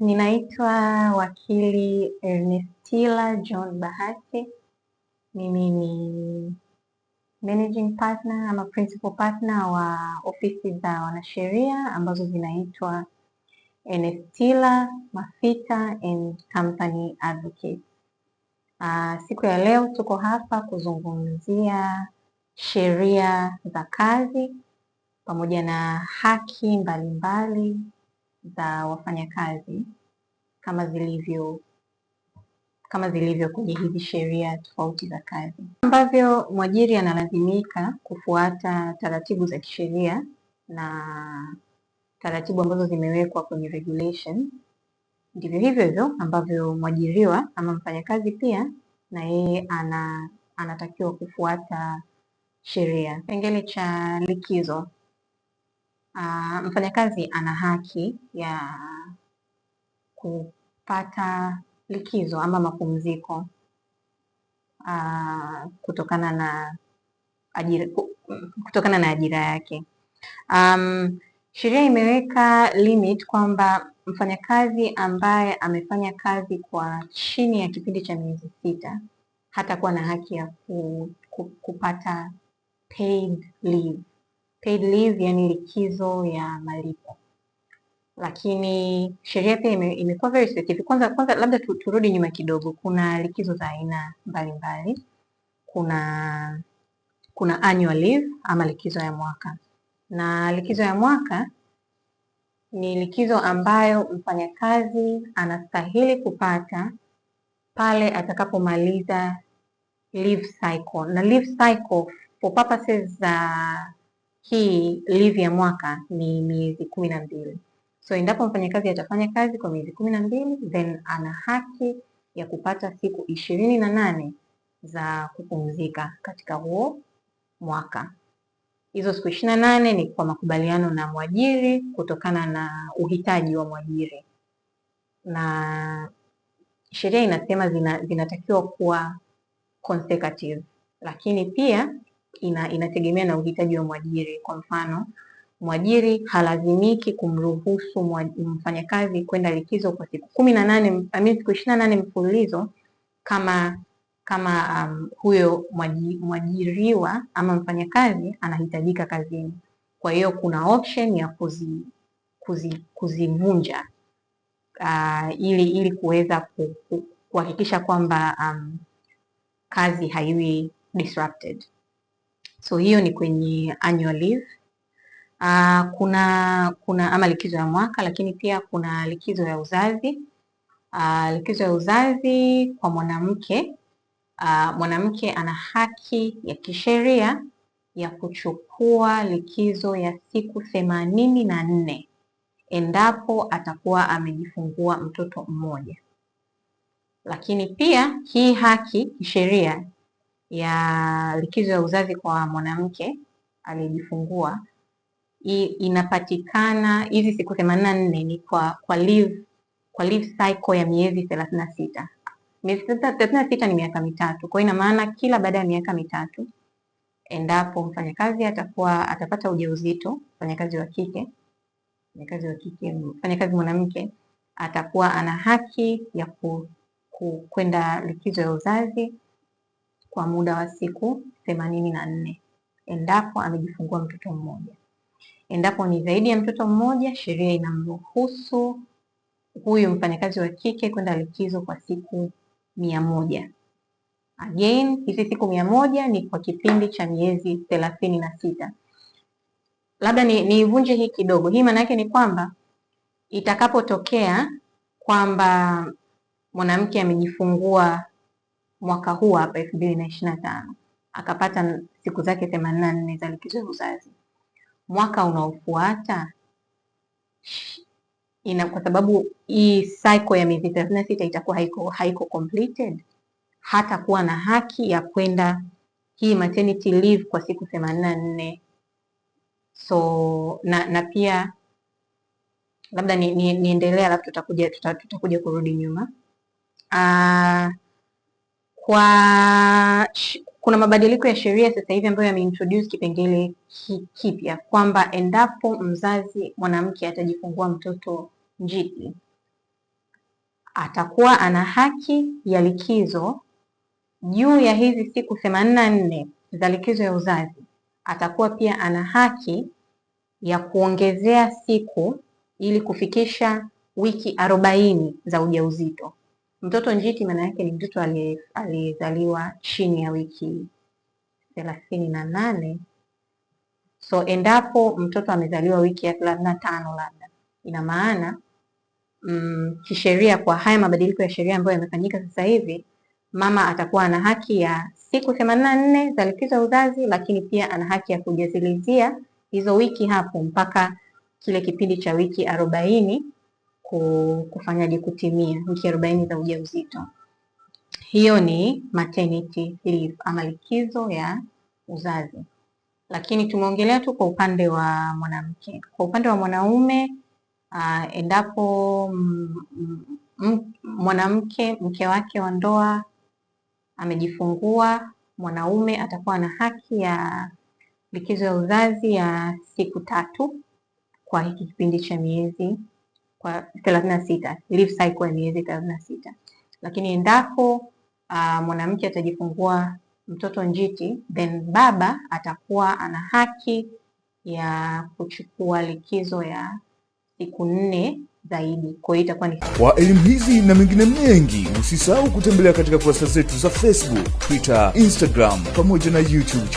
Ninaitwa wakili Ernestila John Bahati. Mimi ni managing partner ama principal partner wa ofisi za wanasheria ambazo zinaitwa Ernestila Mafita and Company Advocates. Uh, siku ya leo tuko hapa kuzungumzia sheria za kazi pamoja na haki mbalimbali mbali za wafanyakazi kama zilivyo kama zilivyo kwenye hizi sheria tofauti za kazi, ambavyo mwajiri analazimika kufuata taratibu za kisheria na taratibu ambazo zimewekwa kwenye regulation. Ndivyo hivyo hivyo ambavyo mwajiriwa ama mfanyakazi pia na yeye ana anatakiwa kufuata sheria. Kipengele cha likizo Ah, mfanyakazi ana haki ya kupata likizo ama mapumziko uh, kutokana na ajira, kutokana na ajira yake. Um, sheria imeweka limit kwamba mfanyakazi ambaye amefanya kazi kwa chini ya kipindi cha miezi sita hatakuwa na haki ya ku, ku, kupata paid leave paid leave, yani likizo ya malipo. Lakini sheria pia imekuwa very specific. Kwanza kwanza labda turudi nyuma kidogo, kuna likizo za aina mbalimbali. Kuna kuna annual leave ama likizo ya mwaka, na likizo ya mwaka ni likizo ambayo mfanyakazi anastahili kupata pale atakapomaliza leave cycle. Na leave cycle for purposes za hii leave ya mwaka ni miezi kumi na mbili. So endapo mfanyakazi atafanya kazi kwa miezi kumi na mbili, then ana haki ya kupata siku ishirini na nane za kupumzika katika huo mwaka. Hizo siku ishirini na nane ni kwa makubaliano na mwajiri kutokana na uhitaji wa mwajiri, na sheria inasema zinatakiwa zina kuwa consecutive, lakini pia ina, inategemea na uhitaji wa mwajiri. Kwa mfano, mwajiri halazimiki kumruhusu mfanyakazi kwenda likizo kwa siku kumi na nane siku ishirini na nane mfululizo kama kama um, huyo mwajiriwa ama mfanyakazi anahitajika kazini. Kwa hiyo kuna option ya kuzi kuzivunja kuzi uh, ili ili kuweza kuhakikisha kwamba um, kazi haiwi disrupted. So hiyo ni kwenye annual leave. Uh, kuna kuna ama likizo ya mwaka, lakini pia kuna likizo ya uzazi. Uh, likizo ya uzazi kwa mwanamke uh, mwanamke ana haki ya kisheria ya kuchukua likizo ya siku themanini na nne endapo atakuwa amejifungua mtoto mmoja, lakini pia hii haki kisheria ya likizo ya uzazi kwa mwanamke aliyejifungua inapatikana hizi siku themanini na nne ni kwa kwa leave, kwa leave cycle ya miezi thelathini na sita miezi thelathini na sita ni miaka mitatu. Kwa hiyo ina maana kila baada ya miaka mitatu, endapo mfanyakazi atakuwa atapata ujauzito, mfanyakazi wa kike, mfanyakazi wa kike, mfanyakazi mwanamke atakuwa ana haki ya ku, ku, kwenda likizo ya uzazi kwa muda wa siku themanini na nne endapo amejifungua mtoto mmoja. Endapo ni zaidi ya mtoto mmoja, sheria inamruhusu huyu mfanyakazi wa kike kwenda likizo kwa siku mia moja. Again, hizi siku mia moja ni kwa kipindi cha miezi thelathini na sita. Labda niivunje ni hii kidogo. Hii maana yake ni kwamba itakapotokea kwamba mwanamke amejifungua mwaka huu hapa elfu mbili na ishirini na tano akapata siku zake themanini na nne za likizo ya uzazi. Mwaka unaofuata ina, kwa sababu hii cycle ya miezi thelathini na sita itakuwa haiko, haiko completed, kuwa na haki ya kwenda hii maternity leave kwa siku themanini na nne. So na, na pia labda niendelea ni, ni alafu tutakuja, tutakuja kurudi nyuma. uh, kwa kuna mabadiliko ya sheria sasa hivi ambayo yameintroduce kipengele kipya kwamba endapo mzazi mwanamke atajifungua mtoto njiti atakuwa ana haki ya likizo juu ya hizi siku themanini na nne za likizo ya uzazi. Atakuwa pia ana haki ya kuongezea siku ili kufikisha wiki arobaini za ujauzito. Mtoto njiti maana yake ni mtoto aliyezaliwa chini ya wiki thelathini na nane. So endapo mtoto amezaliwa wiki ya thelathini na tano labda, ina maana mm, kisheria, kwa haya mabadiliko ya sheria ambayo yamefanyika sasa hivi, mama atakuwa ana haki ya siku themanini na nne za likizo ya uzazi, lakini pia ana haki ya kujazilizia hizo wiki hapo mpaka kile kipindi cha wiki arobaini kufanyaje kutimia wiki arobaini za ujauzito. Hiyo ni maternity leave ama likizo ya uzazi, lakini tumeongelea tu kwa upande wa mwanamke. Kwa upande wa mwanaume uh, endapo mwanamke mke wake wa ndoa amejifungua, mwanaume atakuwa na haki ya likizo ya uzazi ya siku tatu kwa hiki kipindi cha miezi kwa thelathini na sita cycle ya miezi thelathini na sita lakini endapo uh, mwanamke atajifungua mtoto njiti then baba atakuwa ana haki ya kuchukua likizo ya siku nne zaidi. Kwa hiyo itakuwa ni kwa elimu hizi na mengine mengi, usisahau kutembelea katika kurasa zetu za Facebook, Twitter, Instagram pamoja na YouTube.